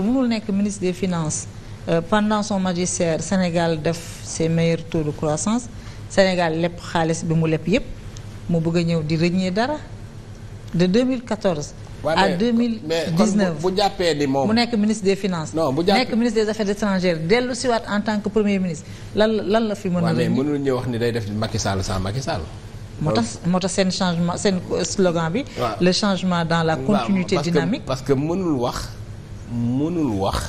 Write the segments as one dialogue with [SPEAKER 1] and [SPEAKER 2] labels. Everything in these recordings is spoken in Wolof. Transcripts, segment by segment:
[SPEAKER 1] mënul nekk ministre des finances euh, pendant son magistère Sénégal def ses meilleurs taux de croissance Sénégal lépp xaalis bi mu lépp yépp mu bëgg a ñëw di rëññee dara de 2014. Ouais, à 2019 bu
[SPEAKER 2] jàppee ni moom mu nekk
[SPEAKER 1] ministre des finances. non bu jàppee nekk ministre des affaires étrangères dellu siwaat en tant que premier ministre lan lan la fi
[SPEAKER 2] mën a. mënul ñëw wax ni day def Macky Sall sans Macky Sall. moo tax moo tax seen changement slogan bi. le changement dans la continuité dynamique parce que mënul wax. mënul wax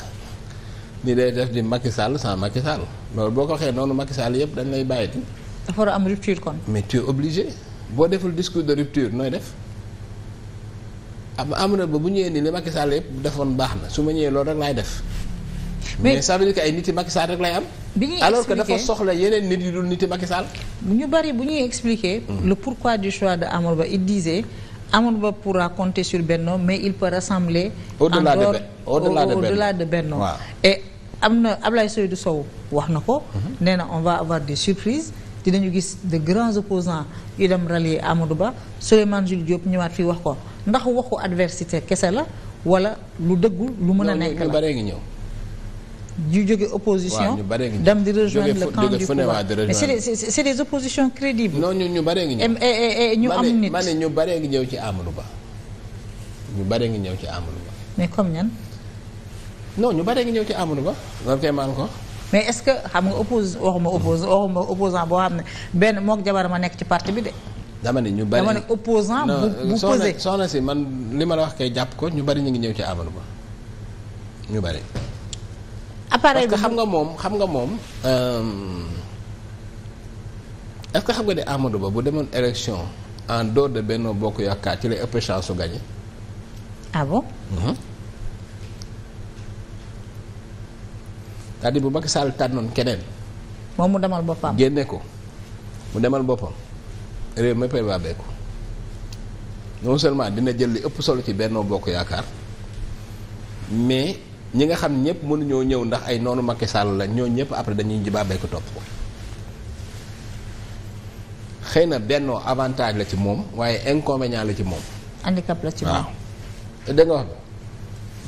[SPEAKER 2] ni day def di Macky Sall sans Macky Sall loolu boo ko waxee noonu Macky Sall yëpp dañ lay bàyyi. dafa war a am rupture kon. mais tu es boo deful discours de rupture nooy def am am na ba bu ñëwee ni li Macky Sall defoon baax na su ma ñëwee loolu rek laay def. mais ça ay nit yi Macky Sall rek lay am. bi ñuy alors que dafa soxla yeneen nit yu nit yi Macky ñu bari bu ñuy expliquer. Hmm. le pourquoi du choix de Amadou Ba il disait
[SPEAKER 1] Amadou Ba pourra compter sur Benno mais il peut rassembler. au-delà de au-delà de au de Benno waaw et am na Ablaye Seydou Sow wax na ko mhm. nee na on va avoir des surprises dinañu gis de grands opposants yu dem rallier Amadou Ba Souleymane Jules Diop ñëwaat fii wax ko ndax waxu adversité kese la wala lu dëggul lu mën a nekk la ngi
[SPEAKER 2] ñëw yu jóge opposition dem di rejoindre le camp du pouvoir mais c'est des c'est des oppositions crédibles non ñu ñu bare ngi ñëw ñu am nit ma ne ñu bare ngi ñëw ci Amadou Ba ngi ñëw ci Amadou Ba mais comme ñan non ñu bare ngi ñëw ci Amadou Ba loolu kay maa ko. mais est-ce que xam nga oppose waxuma oppose
[SPEAKER 1] waxuma opposant boo xam ne benn moo jabar ma nekk ci parti bi de.
[SPEAKER 2] dama ne ñu bari dama ne opposant bu euh, soxna si man li ma la wax kay jàpp ko ñu bari ñu ngi ñëw ci Amadou Ba ñu bari. appareil parce que xam nga moom xam nga moom. Euh, est-ce xam nga ne Amadou Ba bu demoon élection en dehors de Benno Bokk Yaakaar ci lay ëpp chance su gagné. ah mhm. c'est-à-dire bu Macky Sall tànnoon keneen. moom mu demal boppam. génne ko mu demal boppam réew mi pay beeku non seulement dina jël li ëpp solo ci Benno Bokk Yaakaar mais ñi nga xam ñëpp mënuñoo ñëw ndax ay noonu makk Sall la ñoo ñëpp après dañuy jibaa beeku topp ko xëy na Benno avantage la ci moom waaye inconvénient la ci moom.
[SPEAKER 1] handicap la ci moom
[SPEAKER 2] waaw. wax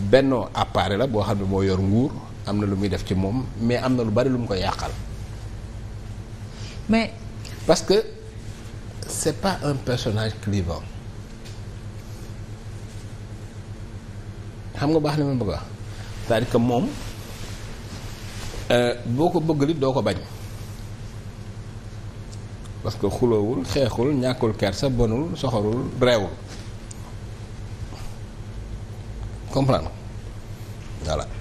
[SPEAKER 2] Benno appareil la boo xam ne moo yor nguur. am na lu muy def ci moom mais am na lu bari lu mu koy yàqal. mais. parce que c'est pas un personnage clivant xam nga baax na ma bëgg a wax que moom euh, boo ko bëgg doo ko bañ parce que xuloowul xeexul ñàkkul kersa bonul soxorul reewul comprendre
[SPEAKER 1] voilà.